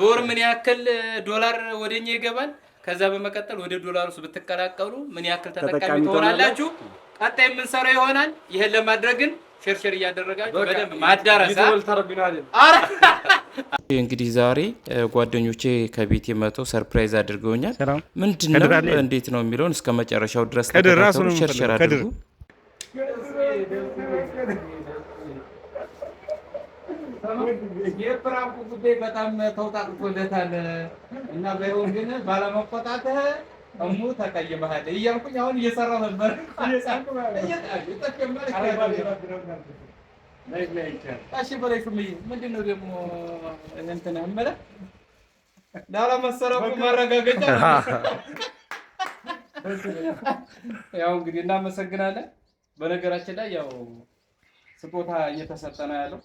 በወር ምን ያክል ዶላር ወደኛ ይገባል? ከዛ በመቀጠል ወደ ዶላር ውስጥ ብትቀላቀሉ ምን ያክል ተጠቃሚ ትሆናላችሁ? ቀጣይ የምንሰራው ይሆናል። ይሄን ለማድረግን ሸርሸር እያደረጋችሁ በደንብ ማዳረስ። እንግዲህ ዛሬ ጓደኞቼ ከቤት የመተው ሰርፕራይዝ አድርገውኛል። ምንድን ነው እንዴት ነው የሚለውን እስከ መጨረሻው ድረስ ሸርሸር አድርጉ። የፕራንኩ ጉዳይ በጣም ተውጣጥቶለታል እና ባይሆን ግን ባለመቆጣትህ እሙ ተቀይመሃል እያልኩኝ አሁን እየሰራሁ ነበር። እሺ በላይ ምንድን ነው ደግሞ እንትን ላለመሰረቁ ማረጋገጫ ያው እንግዲህ እናመሰግናለን። በነገራችን ላይ ያው ስጦታ እየተሰጠ ነው ያለው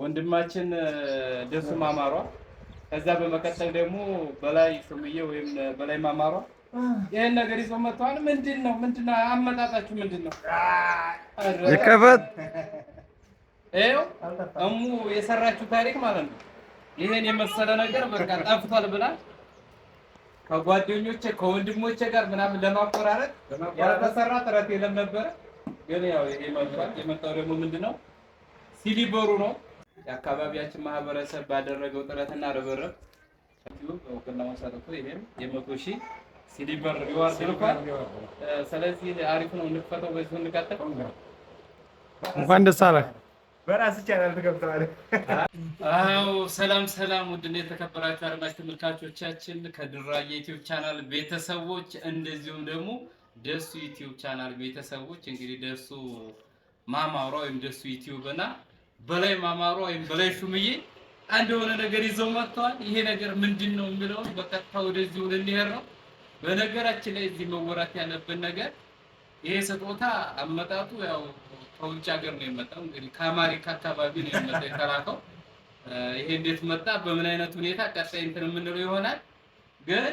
ወንድማችን ደሱ ማማሯ፣ ከዛ በመቀጠል ደግሞ በላይ ስሙዬ ወይም በላይ ማማሯ ይህን ነገር ይዞ መጥተዋል። ምንድን ነው ምንድን ነው አመጣጣችሁ? ምንድን ነው ይከፈት? ይኸው እሙ የሰራችሁ ታሪክ ማለት ነው። ይሄን የመሰለ ነገር በቃ ጠፍቷል ብላል ከጓደኞቼ ከወንድሞቼ ጋር ምናምን ለማቆራረጥ ያልተሰራ ጥረት የለም ነበረ። ግን ያው ይሄ የመጣው ደግሞ ምንድን ነው ሲሊበሩ ነው የአካባቢያችን ማህበረሰብ ባደረገው ጥረትና ርብርብ እውቅናውን ሰጥቶ ይሄም የመቶ ሺህ ሲሊቨር ሪዋርድ ልኳል። ስለዚህ አሪፍ ነው፣ እንክፈተው፣ በዚሁ እንኳን ደስ በራስ ቻናል አዎ ሰላም ሰላም፣ ውድና የተከበራችሁ አድማጭ ተመልካቾቻችን ቻናል ቤተሰቦች እንደዚሁም ደግሞ ደሱ ዩቲዩብ ቻናል ቤተሰቦች እንግዲህ ደሱ ማማሯ ወይም ደሱ ዩቲዩብ በላይ ማማሮ ወይም በላይ ሹምዬ አንድ የሆነ ነገር ይዘው መጥተዋል። ይሄ ነገር ምንድን ነው የሚለውን በቀጥታ ወደዚህ ወደ ነው። በነገራችን ላይ እዚህ መወራት ያለብን ነገር ይሄ ስጦታ አመጣጡ ያው ከውጭ ሀገር ነው የመጣው። እንግዲህ ከአማሪካ አካባቢ ነው የመጣው የተላከው። ይሄ እንዴት መጣ፣ በምን አይነት ሁኔታ ቀጣይ እንትን የምንለው ይሆናል። ግን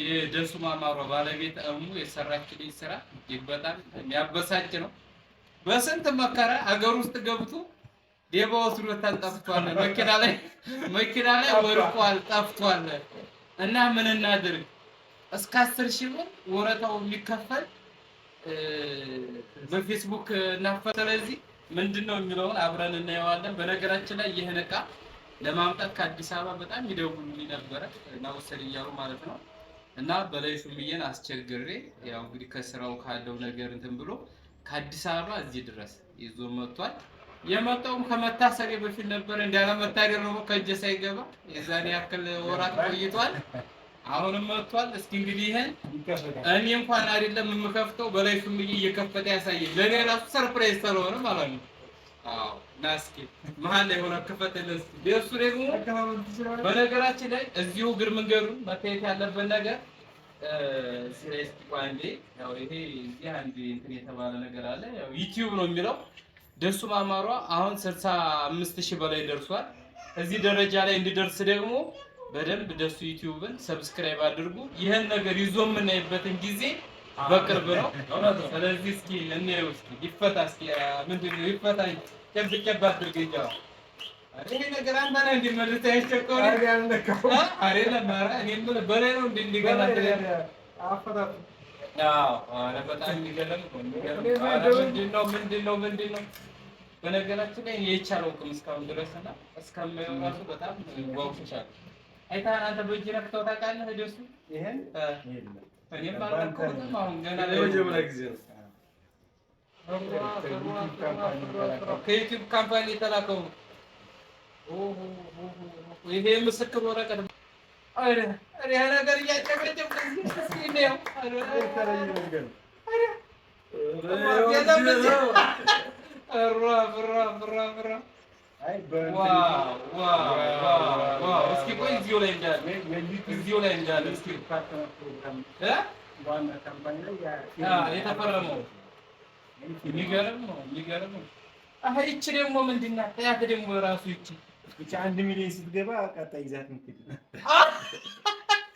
የደሱ ማማሯ ባለቤት እሙ የሰራችልኝ ስራ እጅግ በጣም የሚያበሳጭ ነው። በስንት መከራ ሀገር ውስጥ ገብቶ ሌባ ወስዶታል፣ ጠፍቷል። መኪና ላይ መኪና ላይ ወርቋል፣ ጠፍቷል። እና ምን እናድርግ? እስከ አስር ሺህ ብር ወረታው የሚከፈል በፌስቡክ እናፈ ስለዚህ ምንድን ነው የሚለውን አብረን እናየዋለን። በነገራችን ላይ ይህን እቃ ለማምጣት ከአዲስ አበባ በጣም ይደውሉልኝ ነበረ እና ወሰድ እያሉ ማለት ነው እና በላይ ሹምዬን አስቸግሬ ያው እንግዲህ ከስራው ካለው ነገር እንትን ብሎ ከአዲስ አበባ እዚህ ድረስ ይዞ መጥቷል። የመጣውም ከመታሰሪ በፊት ነበር። መታደር ነው ከእጄ ሳይገባ የዛን ያክል ወራት ቆይቷል። አሁንም መጥቷል። እስኪ እንግዲህ ይሄን እኔ እንኳን አይደለም የምከፍተው በላይ ፍምዬ እየከፈተ ያሳየ ለእኔ ራሱ ሰርፕራይዝ ስለሆነ ማለት ነው። አዎ እና እስኪ መሀል ላይ ሆነ ክፈት ለስ ደሱ ደግሞ በነገራችን ላይ እዚሁ እግር መንገዱን መታየት ያለበት ነገር እዚህ ላይ እስኪ ያው ይሄ እዚህ አንድ እንትን የተባለ ነገር አለ። ያው ዩቲዩብ ነው የሚለው ደሱ ማማሯ አሁን 65 ሺህ በላይ ደርሷል። እዚህ ደረጃ ላይ እንዲደርስ ደግሞ በደንብ ደሱ ዩቲዩብን ሰብስክራይብ አድርጉ። ይህን ነገር ይዞ የምናይበትን ጊዜ በቅርብ ነው። ስለዚህ እስኪ እንየው። እስኪ ይፈታ፣ እስኪ ምንድን ነው ይፈታ። ጨብጨብ አድርግ እንጂ ይሄ ነገር አንተ ነህ እንዲመልስ ያስቸኮረ አይደለም። ኧረ እኔ የምልህ በላይ ነው እንዲገና በጣም የሚገለም ምንድነው ምንድነው ምንድነው በነገራችን ላይ የቻለውቅም እስካሁን ድረስ እና እስከማየው ራሱ በጣም ጓጉቻለሁ። አይተሃል አንተ በእጅ ነክተው ታውቃለህ? ደሱ ይሄን እኔም አላውቀውም። አሁን ገና ለመጀመሪያ ጊዜ ነው። ከዩቲዩብ ካምፓኒ የተላከው ይሄ ምስክር ወረቀት ነገር እያጨቀጨ የተፈረመው የሚገርም ነው። የሚገርም ነው። ይቺ ደግሞ ምንድን ናት? ያት ደግሞ ራሱ ይቺ አንድ ሚሊዮን ስትገባ ቀጣይ ይዛት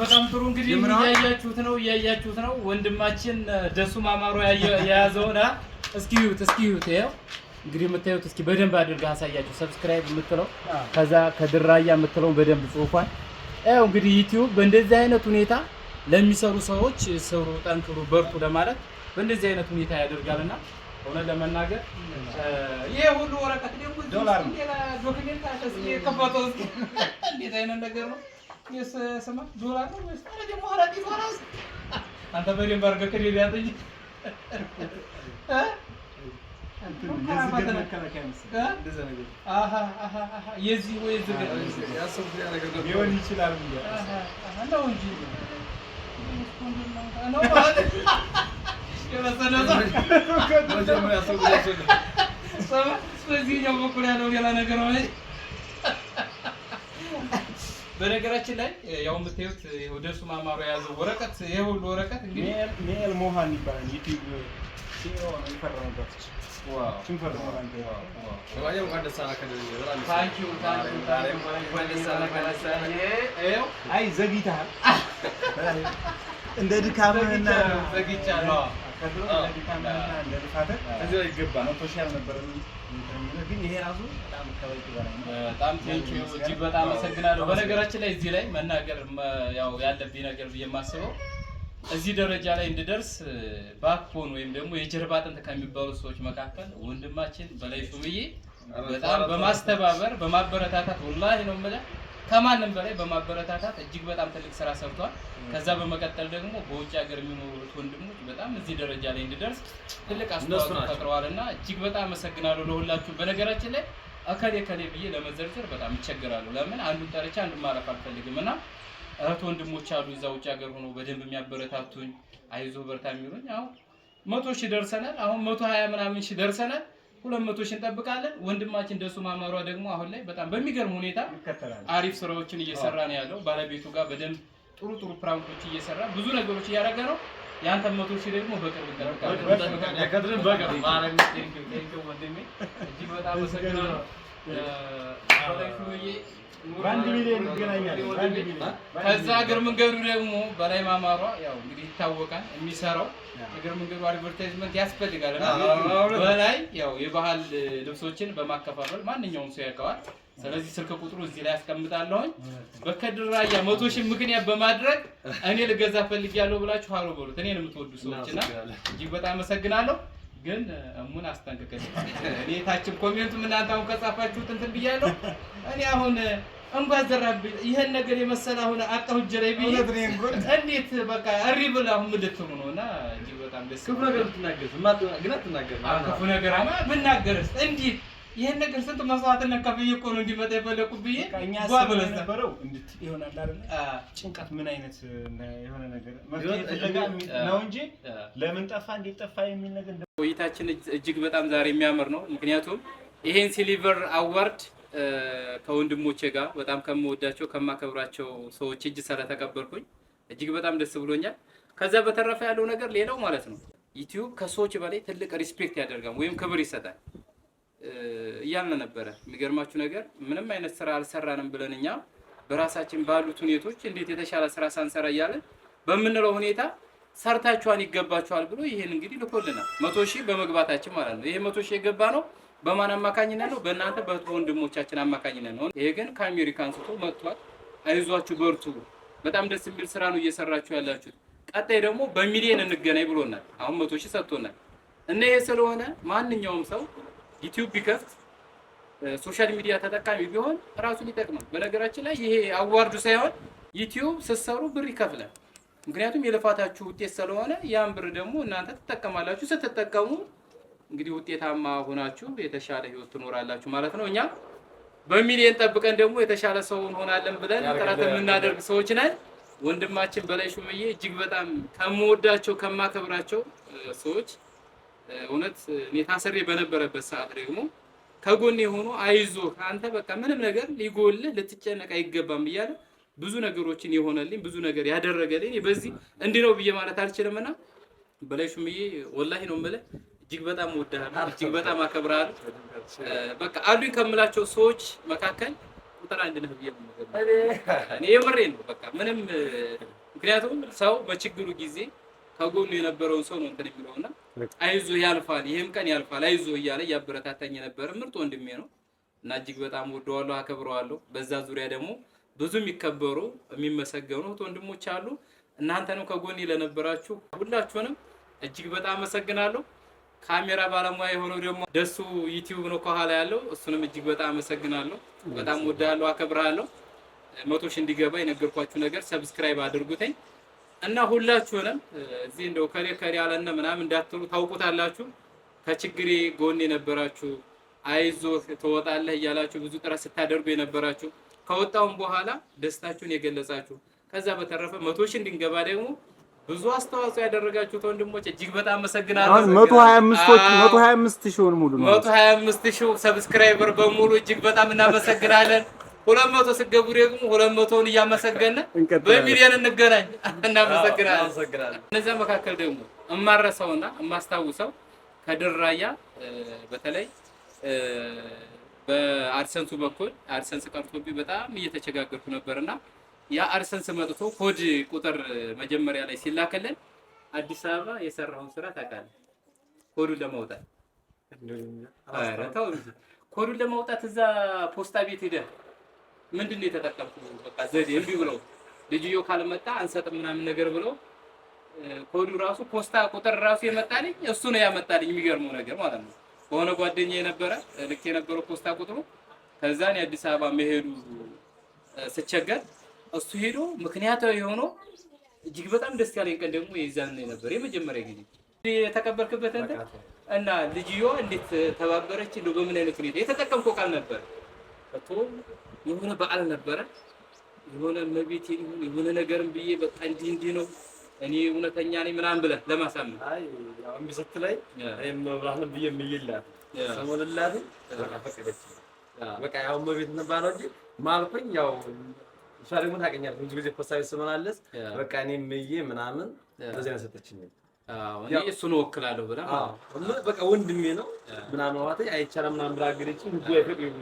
በጣም ጥሩ እንግዲህ እያያችሁት ነው እያያችሁት ነው። ወንድማችን ደሱ ማማሮ የያዘውን እስኪ እዩት እስኪ እዩት። ይኸው እንግዲህ የምታዩት እስኪ በደንብ አድርገህ አሳያችሁ። ሰብስክራይብ የምትለው ከዛ ከድራያ የምትለው በደንብ ጽሑፏል። ያው እንግዲህ ዩቲዩብ በእንደዚህ አይነት ሁኔታ ለሚሰሩ ሰዎች ስሩ፣ ጠንክሩ፣ በርቱ ለማለት በእንደዚህ አይነት ሁኔታ ያደርጋልና እውነት ለመናገር ይሄ ሁሉ ወረቀት ደግሞ ዶላር ዶክሜንት የከፈተው እስኪ እንዴት አይነት ነገር ነው? ስማ ዶላር ነው ወይስ ደግሞ ከረጢት ራሱ አንተ በደንብ አድርገህ ክሬዲት ያዝ እንጂ የዚህ ወይ ሊሆን ይችላል ነው እንጂ በዚህኛው በኩል ያለው ሌላ ነገር ነው። በነገራችን ላይ ያው የምታዩት ደሱ ማማሩ የያዘው ወረቀት ይሄ ሁሉ ወረቀት እንግዲህ ሜል ሞሃን ይባላል። ዩቲዩብ እንደ ድካምህና ዘግቻለሁ ተክሎ ለድፋትህ እዚህ ላይ ይገባል። መቶ ሺህ አልነበረም ግን ይሄ ራሱ በጣም ከበቂ በላይ በጣም እጅግ በጣም አመሰግናለሁ። በነገራችን ላይ እዚህ ላይ መናገር ያው ያለብኝ ነገር ብዬ የማስበው እዚህ ደረጃ ላይ እንድደርስ ባክቦን ወይም ደግሞ የጀርባ አጥንት ከሚባሉ ሰዎች መካከል ወንድማችን በላይ ሹምዬ በጣም በማስተባበር በማበረታታት ወላሂ ነው የምልህ ከማንም በላይ በማበረታታት እጅግ በጣም ትልቅ ስራ ሰርቷል። ከዛ በመቀጠል ደግሞ በውጭ ሀገር የሚኖሩት ወንድሞች በጣም እዚህ ደረጃ ላይ እንዲደርስ ትልቅ አስተዋጽኦ ፈጥረዋል እና እጅግ በጣም አመሰግናለሁ ለሁላችሁ። በነገራችን ላይ እከሌ እከሌ ብዬ ለመዘርዘር በጣም ይቸግራሉ። ለምን አንዱን ጠርቼ አንዱን ማረፍ አልፈልግም እና እህት ወንድሞች አሉ እዛ ውጭ ሀገር ሆኖ በደንብ የሚያበረታቱኝ አይዞ በርታ የሚሉኝ አሁን መቶ ሺህ ደርሰናል። አሁን መቶ ሀያ ምናምን ሺህ ደርሰናል። ሁለት መቶ ሺህ እንጠብቃለን። ወንድማችን ደሱ ማማሯ ደግሞ አሁን ላይ በጣም በሚገርም ሁኔታ አሪፍ ስራዎችን እየሰራ ነው ያለው። ባለቤቱ ጋር በደንብ ጥሩ ጥሩ ፕራንኮች እየሰራ ብዙ ነገሮች እያደረገ ነው። ያንተ መቶ ሺህ ደግሞ በቅርብ ከዛ ሀገር መንገዱ ደግሞ በላይ ማማሯ ያው እንግዲህ ይታወቃል የሚሰራው እግር መንገዱ አድቨርታይዝመንት ያስፈልጋል። በላይ ያው የባህል ልብሶችን በማከፋፈል ማንኛውም ሰው ያውቀዋል። ስለዚህ ስልክ ቁጥሩ እዚህ ላይ ያስቀምጣለሁኝ። በከድር ራያ መቶ ሺህ ምክንያት በማድረግ እኔ ልገዛ ፈልጊያለሁ ብላችሁ ሀሎ በሉት። እኔን የምትወዱ ሰዎችና እጅግ በጣም አመሰግናለሁ። ግን እሙን አስጠንቅቀኝ እኔ ታችም ኮሜንቱም እናንተ አሁን ከጻፋችሁት እንትን ብያለሁ እኔ አሁን እንባ ይሄን ነገር የመሰለ አሁን አጣሁ እጄ እንዴት በቃ እሪ አሁን ነው እና እጅግ በጣም ደስ ክፉ ነገር ብትናገር ግን ክፉ ነገር ብናገርስ እንዴት ነገር ስንት መስዋዕትነት ከፍዬ እኮ ነው እንዲመጣ የፈለኩት ብዬ እኛ ነበረው ይሆናል አይደል? ጭንቀት ምን አይነት የሆነ ነገር ነው እንጂ ለምን ጠፋ እንዴት ጠፋ የሚል ነገር ቆይታችን እጅግ በጣም ዛሬ የሚያምር ነው። ምክንያቱም ይሄን ሲልቨር አዋርድ ከወንድሞቼ ጋር በጣም ከምወዳቸው ከማከብራቸው ሰዎች እጅ ሰረ ተቀበልኩኝ። እጅግ በጣም ደስ ብሎኛል። ከዛ በተረፈ ያለው ነገር ሌላው ማለት ነው ዩቲዩብ ከሰዎች በላይ ትልቅ ሪስፔክት ያደርጋል ወይም ክብር ይሰጣል እያልን ነበረ። የሚገርማችሁ ነገር ምንም አይነት ስራ አልሰራንም ብለን እኛ በራሳችን ባሉት ሁኔቶች እንዴት የተሻለ ስራ ሳንሰራ እያለን በምንለው ሁኔታ ሰርታችኋን ይገባችኋል ብሎ ይህን እንግዲህ ልኮልናል። መቶ ሺህ በመግባታችን ማለት ነው። ይሄ መቶ ሺህ የገባ ነው በማን አማካኝነት ነው? በእናንተ በእህት ወንድሞቻችን አማካኝነት ነው። ይሄ ግን ከአሜሪካ አንስቶ መጥቷል። አይዟችሁ፣ በርቱ። በጣም ደስ የሚል ስራ ነው እየሰራችሁ ያላችሁት። ቀጣይ ደግሞ በሚሊየን እንገናኝ ብሎናል። አሁን መቶ ሺህ ሰጥቶናል እና ይሄ ስለሆነ ማንኛውም ሰው ዩቲዩብ ቢከፍት ሶሻል ሚዲያ ተጠቃሚ ቢሆን ራሱን ይጠቅማል። በነገራችን ላይ ይሄ አዋርዱ ሳይሆን ዩቲዩብ ስትሰሩ ብር ይከፍላል። ምክንያቱም የልፋታችሁ ውጤት ስለሆነ ያን ብር ደግሞ እናንተ ትጠቀማላችሁ። ስትጠቀሙ እንግዲህ ውጤታማ ሆናችሁ የተሻለ ህይወት ትኖራላችሁ ማለት ነው። እኛ በሚሊየን ጠብቀን ደግሞ የተሻለ ሰው እንሆናለን ብለን ጥረት የምናደርግ ሰዎች ነን። ወንድማችን በላይ ሹምዬ እጅግ በጣም ከምወዳቸው ከማከብራቸው ሰዎች እውነት እኔ ታስሬ በነበረበት ሰዓት ደግሞ ከጎን የሆኑ አይዞ አንተ በቃ ምንም ነገር ሊጎልህ ልትጨነቅ አይገባም እያለ ብዙ ነገሮችን የሆነልኝ ብዙ ነገር ያደረገልኝ በዚህ እንዲህ ነው ብዬ ማለት አልችልምና በላይ ሹምዬ ወላሂ ነው የምልህ እጅግ በጣም ወድሃለሁ፣ እጅግ በጣም አከብራለሁ። በቃ አሉኝ ከምላቸው ሰዎች መካከል ቁጥር አንድ ነህ ብዬ እኔ የምሬ ነው። በቃ ምንም ምክንያቱም ሰው በችግሩ ጊዜ ከጎኑ የነበረውን ሰው ነው እንትን የሚለውና አይዞ ያልፋል፣ ይህም ቀን ያልፋል፣ አይዞ እያለ እያበረታታኝ የነበረ ምርጥ ወንድሜ ነው እና እጅግ በጣም ወደዋለሁ፣ አከብረዋለሁ። በዛ ዙሪያ ደግሞ ብዙ የሚከበሩ የሚመሰገኑ ወንድሞች አሉ። እናንተ ነው ከጎኔ ለነበራችሁ ሁላችሁንም እጅግ በጣም አመሰግናለሁ። ካሜራ ባለሙያ የሆነው ደግሞ ደሱ ዩቲዩብ ነው ከኋላ ያለው። እሱንም እጅግ በጣም አመሰግናለሁ። በጣም ወዳለሁ፣ አከብራለሁ። መቶ ሺህ እንዲገባ የነገርኳችሁ ነገር ሰብስክራይብ አድርጉትኝ እና ሁላችሁንም እዚህ እንደው ከሌ ከሌ አለነ ምናምን እንዳትሉ ታውቁታላችሁ። ከችግሬ ጎን የነበራችሁ አይዞህ ትወጣለህ እያላችሁ ብዙ ጥረት ስታደርጉ የነበራችሁ ከወጣውም በኋላ ደስታችሁን የገለጻችሁ ከዛ በተረፈ መቶ ሺህ እንድንገባ ደግሞ ብዙ አስተዋጽኦ ያደረጋችሁት ወንድሞች እጅግ በጣም አመሰግናለሁ። አሁን 125 125 ሺውን ሙሉ ነው 125 ሺው ሰብስክራይበር በሙሉ እጅግ በጣም እናመሰግናለን። 200 ስገቡ ደግሞ 200ውን እያመሰገነ በሚሊዮን እንገናኝ። እናመሰግናለን። እነዚያ መካከል ደግሞ እማረሰውና እማስታውሰው ከድራያ በተለይ በአድሰንሱ በኩል አርሰንስ ቀርቶብኝ በጣም እየተቸጋገርኩ ነበርና ያ አድሰንስ መጥቶ ኮድ ቁጥር መጀመሪያ ላይ ሲላከለን አዲስ አበባ የሰራውን ስራ ታውቃለህ። ኮዱን ለማውጣት ኮዱን ለማውጣት እዛ ፖስታ ቤት ሄደህ ምንድን ነው በቃ ዘዴ እምቢ ብለው ልጅዮ ካልመጣ አንሰጥም ምናምን ነገር ብለው ኮዱ ራሱ ፖስታ ቁጥር ራሱ የመጣልኝ እሱ ነው ያመጣልኝ። የሚገርመው ነገር ማለት ነው ከሆነ ጓደኛ የነበረ ልክ የነበረው ፖስታ ቁጥሩ ከዛን የአዲስ አበባ መሄዱ ስቸገር እሱ ሄዶ ምክንያታዊ የሆነው እጅግ በጣም ደስ ያለኝ ቀን ደግሞ የዛን ነበር የመጀመሪያ ጊዜ የተቀበርክበት እንትን እና ልጅዮ እንዴት ተባበረች እንደው በምን አይነት ሁኔታ የተጠቀምከው ቃል ነበር እቶ የሆነ በዓል ነበረ የሆነ መቤት ይሁን የሆነ ነገርም ብዬ በቃ እንዲህ እንዲህ ነው እኔ እውነተኛ ነኝ ምናምን ብለህ ለማሳመን አይ ያው እምቢ ስትለኝ እኔም ብራህን ብዬ ምይላት ሰሞኑን ላት በቃ ፈቀደች በቃ ያው መቤት ነባረው እንጂ ማልኩኝ ያው እሷ ደግሞ ታውቀኛለህ፣ ብዙ ጊዜ ስመላለስ በቃ እኔ ምዬ ምናምን እንደዚህ ነው እሱን እወክላለሁ በቃ ወንድሜ ነው ምናምን አይቻልም ምናምን ብላ አገደችኝ። ህጉ አይፈቅድም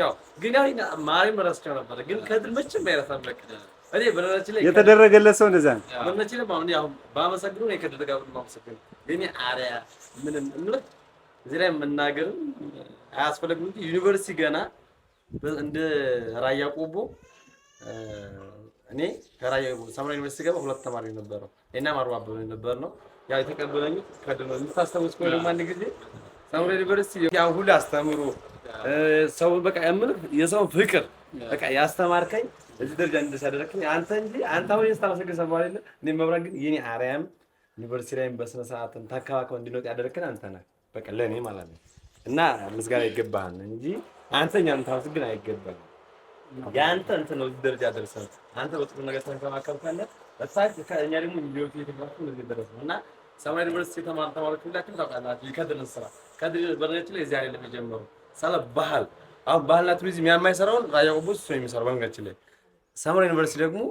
ያው ግን ያው ማርያም ነበረ፣ ግን ከድር መቼም አይረሳም። በቃ እኔ በነገራችን ላይ የተደረገለት ሰው እንደዛ ነው። በነገራችን ላይ አሁን ያው ነው አሪያ ምንም እምልህ እዚህ ላይ መናገርም አያስፈልግም እንጂ ዩኒቨርሲቲ ገና እንደ ራያ ቆቦ እኔ ከራያ ቆቦ ሰምራ ዩኒቨርሲቲ ገባ ሁለት ተማሪ ነበረው እና ማርባብ ነው ነበር ነው ያው የተቀበለኝ ከደሞ የምታስታውስ ከሆነ አንድ ጊዜ ሰምራ ዩኒቨርሲቲ ያው ሁሉ አስተምሩ ሰው በቃ የምልህ የሰው ፍቅር በቃ ያስተማርከኝ እዚህ ደረጃ እንደዚህ አንተ እንጂ አንተ ወይ የስታመሰግን ሰባ ለ እኔ መብራት ግን የኔ አርያም ዩኒቨርሲቲ ላይም በስነ ስርዓት ተንከባክበህ እንዲኖር ያደረግከን አንተ ነህ። በቃ ለኔ ማለት ነው እና ምስጋና ይገባሃል እንጂ አንተ እኛን ታውስ ግን አይገባም። ያንተ እንትን ነው እዚህ ደረጃ ደርሰን አንተ ወጥቶ ነገር ተንከባከብካለ በሳይት ከእኛ ደግሞ ሚሊዮን የተባሉ እዚህ ደረሰ እና ሰማይ ዩኒቨርሲቲ የተማሩ ተማሪዎች ሁላችሁም ታውቃላችሁ። የከድርን ስራ ከድር በነገራችን ላይ እዚህ አይደለም የጀመሩ ስለ ባህል አሁን ባህልና ቱሪዝም የማይሰራውን ራያ ቆቦ እሱ ነው የሚሰራው። በነገራችን ላይ ሰመራ ዩኒቨርሲቲ ደግሞ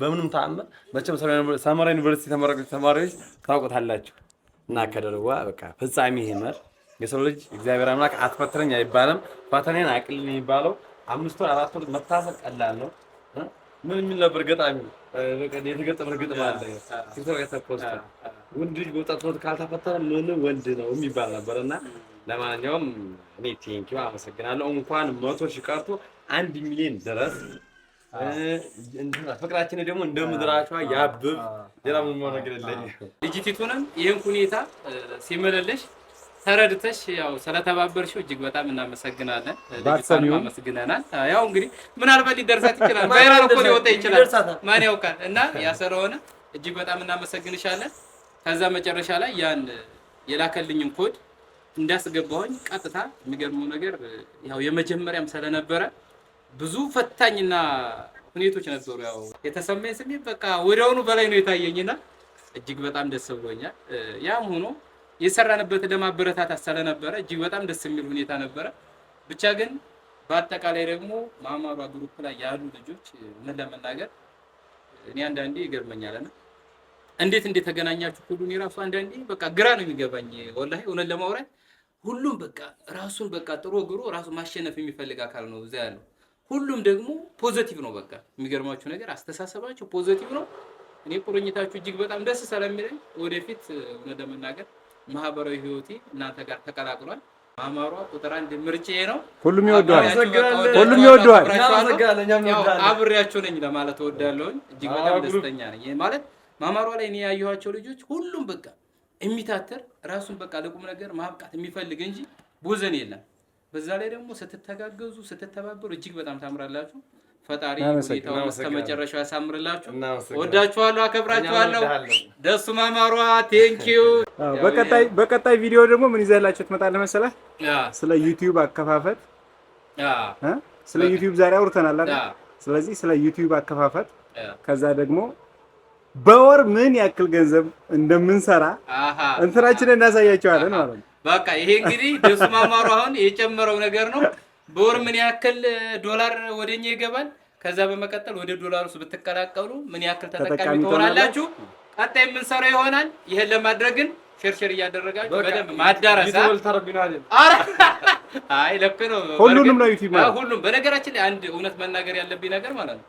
በምንም ተአምር መቼም ሰመራ ዩኒቨርሲቲ ተመራቂ ተማሪዎች ታውቁታላችሁ እና ከደርዋ በቃ ፍጻሜ ይመር የሰው ልጅ እግዚአብሔር አምላክ አትፈትነኝ አይባልም። ፈተናን አቅልኝ የሚባለው አምስት ወር አራት ወር መታሰብ ቀላል ነው። ምን የሚል ነበር ገጣሚ የተገጠመ ግጥም አለ ቲክቶክ የተፖስተ ወንድ ልጅ በወጣትነት ካልተፈተነ ምን ወንድ ነው የሚባል ነበር። እና ለማንኛውም እኔ ቴንኪው አመሰግናለሁ። እንኳን መቶ ሺህ ቀርቶ አንድ ሚሊዮን ድረስ ፍቅራችን ደግሞ እንደ ምድራቿ ያብብ። ሌላ ምን ነገር የለኝም። ልጅቲቱንም ይህን ሁኔታ ሲመለለሽ ተረድተሽ ያው ስለተባበርሽው እጅግ በጣም እናመሰግናለን። ባትሰሚው አመሰግናናል። ያው እንግዲህ ምናልባት ሊደርሳት ይችላል፣ ቫይራል እኮ ሊወጣ ይችላል፣ ማን ያውቃል? እና ያ ስለሆነ እጅግ በጣም እናመሰግንሻለን። ከዛ መጨረሻ ላይ ያን የላከልኝን ኮድ እንዳስገባሁኝ ቀጥታ የሚገርመው ነገር ያው የመጀመሪያም ስለነበረ ብዙ ፈታኝና ሁኔቶች ነበሩ። ያው የተሰማኝ ስሜት በቃ ወዲያውኑ በላይ ነው የታየኝና እጅግ በጣም ደስ ብሎኛል። ያም ሆኖ የሰራንበት ለማበረታታት ስለነበረ እጅግ በጣም ደስ የሚል ሁኔታ ነበረ። ብቻ ግን በአጠቃላይ ደግሞ ማማሯ ግሩፕ ላይ ያሉ ልጆች ምን ለመናገር እኔ አንዳንዴ ይገርመኛልና እንዴት እንደተገናኛችሁ ሁሉን የራሱ አንዳንዴ በቃ ግራ ነው የሚገባኝ። ወላሂ እውነት ለማውራት ሁሉም በቃ ራሱን በቃ ጥሩ ግሮ ራሱ ማሸነፍ የሚፈልግ አካል ነው እዛ ያለው። ሁሉም ደግሞ ፖዘቲቭ ነው። በቃ የሚገርማችሁ ነገር አስተሳሰባቸው ፖዘቲቭ ነው። እኔ ቁርኝታችሁ እጅግ በጣም ደስ ስለሚለኝ ወደፊት እውነት ለመናገር ማህበራዊ ህይወቴ እናንተ ጋር ተቀላቅሏል። ማማሯ ቁጥር አንድ ምርጫዬ ነው። ሁሉም ይወደዋል፣ ሁሉም ይወደዋል። አብሬያቸው ነኝ ለማለት እወዳለሁኝ። እጅግ በጣም ደስተኛ ነኝ። ማለት ማማሯ ላይ እኔ ያየኋቸው ልጆች ሁሉም በቃ የሚታተር ራሱን በቃ ለቁም ነገር ማብቃት የሚፈልግ እንጂ ቦዘን የለም። በዛ ላይ ደግሞ ስትተጋገዙ ስትተባበሩ እጅግ በጣም ታምራላችሁ። ፈጣሪ ሁኔታውን እስከ መጨረሻው ያሳምርላችሁ። ወዳችኋለሁ፣ አከብራችኋለሁ። ደሱ ማማሯ ቴንኪዩ። በቀጣይ በቀጣይ ቪዲዮ ደግሞ ምን ይዘህላችሁ ትመጣለህ መሰለህ? ስለ ዩቲዩብ አከፋፈት፣ ስለ ዩቲዩብ ዛሬ አውርተናል አይደል? ስለዚህ ስለ ዩቲዩብ አከፋፈት ከዛ ደግሞ በወር ምን ያክል ገንዘብ እንደምንሰራ እንትናችንን እናሳያቸዋለን ማለት ነው። በቃ ይሄ እንግዲህ ደሱ ማማሩ አሁን የጨመረው ነገር ነው። በወር ምን ያክል ዶላር ወደኛ ይገባል? ከዛ በመቀጠል ወደ ዶላር ውስጥ ብትቀላቀሉ ምን ያክል ተጠቃሚ ትሆናላችሁ? ቀጣይ የምንሰራው ይሆናል። ይሄን ለማድረግን ሸርሸር እያደረጋችሁ በደንብ ማዳረሳ አይ ልክ ነው። ሁሉንም ነው ዩቲዩብ ማለት ሁሉም። በነገራችን ላይ አንድ እውነት መናገር ያለብኝ ነገር ማለት ነው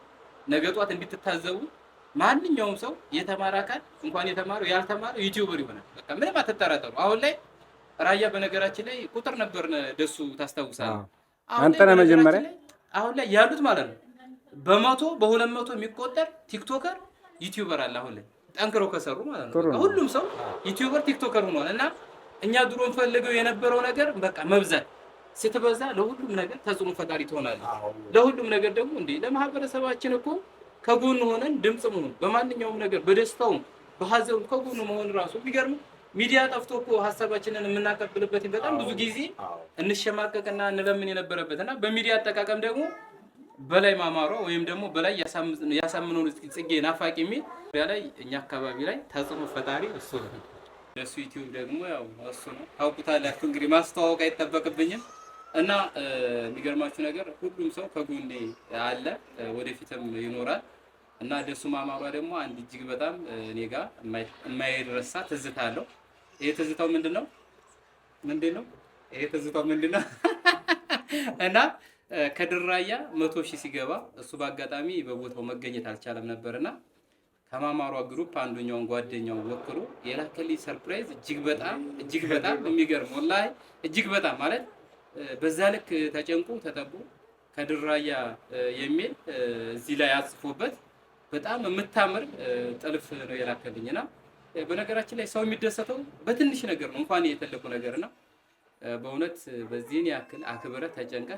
ነገ ጧት እንድትታዘቡ ማንኛውም ሰው የተማረ አካል እንኳን የተማረው ያልተማረው ዩቲዩበር ይሆናል። በቃ ምንም አትጠራጠሩ። አሁን ላይ ራያ በነገራችን ላይ ቁጥር ነበር ደሱ ታስታውሳለህ። አንተ ነህ መጀመሪያ አሁን ላይ ያሉት ማለት ነው በመቶ በሁለት መቶ የሚቆጠር ቲክቶከር ዩቲዩበር አለ አሁን ላይ ጠንክረው ከሰሩ ማለት ነው። ሁሉም ሰው ዩቲዩበር ቲክቶከር ሆኗል። እና እኛ ድሮ እንፈልገው የነበረው ነገር በቃ መብዛት ስትበዛ ለሁሉም ነገር ተጽዕኖ ፈጣሪ ትሆናለህ። ለሁሉም ነገር ደግሞ እንደ ለማህበረሰባችን እኮ ከጎን ሆነን ድምጽ መሆን በማንኛውም ነገር በደስታውም በሀዘኑ ከጎኑ መሆን ራሱ ቢገርም ሚዲያ ጠፍቶ እኮ ሀሳባችንን የምናቀብልበት በጣም ብዙ ጊዜ እንሸማቀቅና እንለምን የነበረበት እና በሚዲያ አጠቃቀም ደግሞ በላይ ማማሯ ወይም ደግሞ በላይ ያሳምነው ጽጌ ናፋቂ የሚል ያ ላይ እኛ አካባቢ ላይ ተጽዕኖ ፈጣሪ እሱ ነው። ለሱ ዩቲዩብ ደግሞ ያው እሱ ነው ታውቁታላችሁ። እንግዲህ ማስተዋወቅ አይጠበቅብኝም እና የሚገርማችሁ ነገር ሁሉም ሰው ከጎኔ አለ፣ ወደፊትም ይኖራል እና ደሱ ማማሯ ደግሞ አንድ እጅግ በጣም እኔ ጋር የማይረሳ ትዝታ አለው። ይሄ ትዝታው ምንድን ነው? ምንድን ነው ይሄ ትዝታው ምንድን ነው እና ከድራያ መቶ ሺህ ሲገባ እሱ በአጋጣሚ በቦታው መገኘት አልቻለም ነበርና ከማማሯ ግሩፕ አንዱኛውን ጓደኛውን ወክሎ የላከልኝ ሰርፕራይዝ እጅግ በጣም እጅግ በጣም የሚገርም ወላሂ እጅግ በጣም ማለት በዛ ልክ ተጨንቆ ተጠቦ ከድራያ የሚል እዚህ ላይ አጽፎበት በጣም የምታምር ጥልፍ ነው የላከልኝና በነገራችን ላይ ሰው የሚደሰተው በትንሽ ነገር ነው እንኳን የተለቁ ነው በእውነት በዚህን ያክል አክብረ ተጨንቀ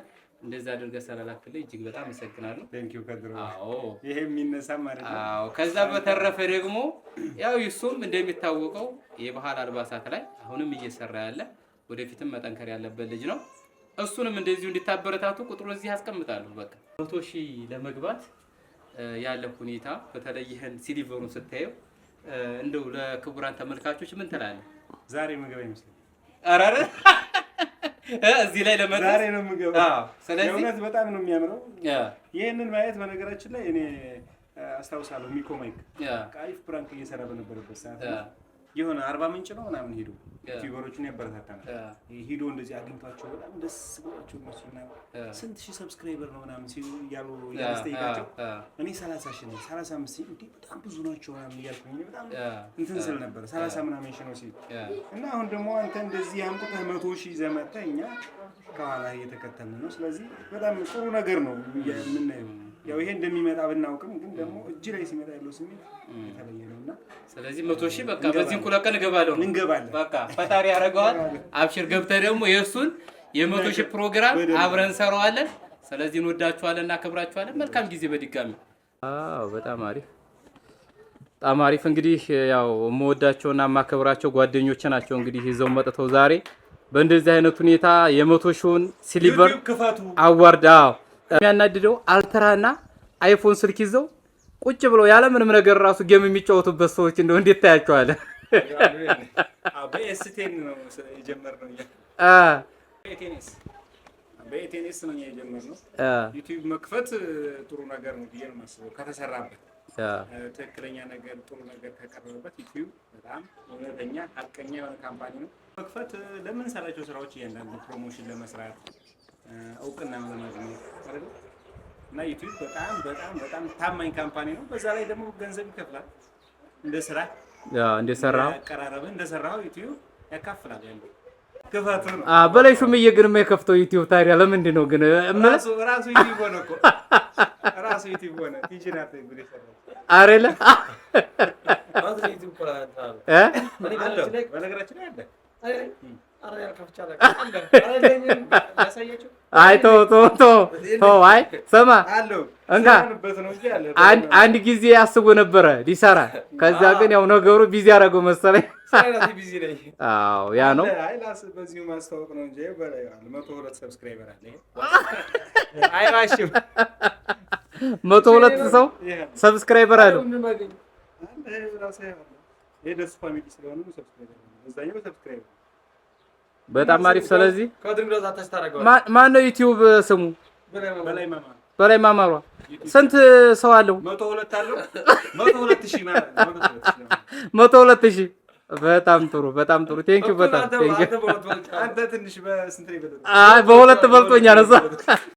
እንደዛ አድርገህ ስላላክልኝ እጅግ በጣም አመሰግናለሁ። ቴንኪው ከድሮ ይሄ የሚነሳ ማለት ነው። ከዛ በተረፈ ደግሞ ያው ይሱም እንደሚታወቀው የባህል አልባሳት ላይ አሁንም እየሰራ ያለ ወደፊትም መጠንከር ያለበት ልጅ ነው። እሱንም እንደዚሁ እንዲታበረታቱ ቁጥሩን እዚህ አስቀምጣለሁ። በቃ መቶ ሺህ ለመግባት ያለ ሁኔታ በተለይ ይህን ሲሊቨሩን ስታየው እንደው ለክቡራን ተመልካቾች ምን ትላለህ? ዛሬ ምግብ አይመስልም። ኧረ እዚህ ላይ ለመድረስ ዛሬ ነው የምገባው። ስለዚህ እውነት በጣም ነው የሚያምረው። ይህንን ማየት በነገራችን ላይ እኔ አስታውሳለሁ። ሚኮ ማይክ ቃሪፍ ፕራንክ እየሰራ በነበረበት ሰዓት የሆነ አርባ ምንጭ ነው ምናምን ሄዱ ዩቲዩበሮችን ያበረታታናል። ሂዶ እንደዚህ አግኝቷቸው በጣም ደስ ብሏቸው እነሱ ስንት ሺህ ሰብስክራይበር ነው ምናምን ሲሉ እያሉ እያስጠይቃቸው እኔ ሰላሳ ሺህ ነው ሰላሳ አምስት ሺህ እንዲህ በጣም ብዙ ናቸው ምናምን እያልኩኝ በጣም እንትን ስል ነበር ሰላሳ ምናምን ሺህ ነው ሲሉ እና አሁን ደግሞ አንተ እንደዚህ አምጥተህ መቶ ሺህ ይዘህ እኛ ከኋላ እየተከተልን ነው። ስለዚህ በጣም ጥሩ ነገር ነው የምናየው ያው ይሄ እንደሚመጣ ብናውቅም ግን ደግሞ እጅ ላይ ሲመጣ ያለው ስሜት የተለየ ነው እና ስለዚህ መቶ ሺህ በቃ በዚህ ኩለቀን እገባለሁ እንገባለን። በቃ ፈጣሪ ያደርገዋል። አብሽር ገብተህ ደግሞ የእሱን የመቶ ሺህ ፕሮግራም አብረን እንሰራዋለን። ስለዚህ እንወዳችኋለን፣ እናከብራችኋለን። መልካም ጊዜ በድጋሚ። አዎ በጣም አሪፍ በጣም አሪፍ። እንግዲህ ያው የምወዳቸውና የማከብራቸው ጓደኞቼ ናቸው። እንግዲህ ይዘው መጥተው ዛሬ በእንደዚህ አይነት ሁኔታ የመቶ ሺውን ሲሊቨር አዋርድ አዎ የሚያናድደው አልትራና አይፎን ስልክ ይዘው ቁጭ ብለው ያለምንም ነገር ራሱ ጌም የሚጫወቱበት ሰዎች እንደው እንዴት ታያቸዋለ? በኤቴንስ ነው የጀመርነው። ዩቲዩብ መክፈት ጥሩ ነገር ነው ብዬ ነው የማስበው። ከተሰራበት ትክክለኛ ነገር ጥሩ ነገር ከቀረበበት ዩቲዩብ በጣም እውነተኛ ሀቀኛ የሆነ ካምፓኒ ነው መክፈት ለምንሰራቸው ስራዎች እያንዳንዱ ፕሮሞሽን ለመስራት እውቅና ለማግኘት አይደል እና ዩቲዩብ በጣም በጣም በጣም ታማኝ ካምፓኒ ነው። በዛ ላይ ደግሞ ገንዘብ ይከፍላል። እንደ ስራ እንደ ሰራው አቀራረብህ እንደ ሰራው በላይ ሹምዬ ግን ዩቲዩብ ታዲያ ለምንድን ነው ግን? ዩቲዩብ ሆነ እኮ ዩቲዩብ ሆነ አይ ቶ ቶ ቶ ቶ አይ ስማ እንካ አንድ ጊዜ አስቦ ነበረ ሊሰራ። ከዛ ግን ያው ነገሩ ቢዚ አደረገው መሰለኝ። አዎ ያ ነው። መቶ ሁለት ሰው ሰብስክራይበር አለው። የደሱ ፋሚሊ ስለሆነ ሰብስክራይበር በጣም አሪፍ። ስለዚህ ማን ነው ዩቲዩብ ስሙ? በላይ ማማሯ ስንት ሰው አለው? መቶ ሁለት ሺህ በጣም ጥሩ በጣም ጥሩ ቴንኪው። በጣም በሁለት በልጦኛል እዛ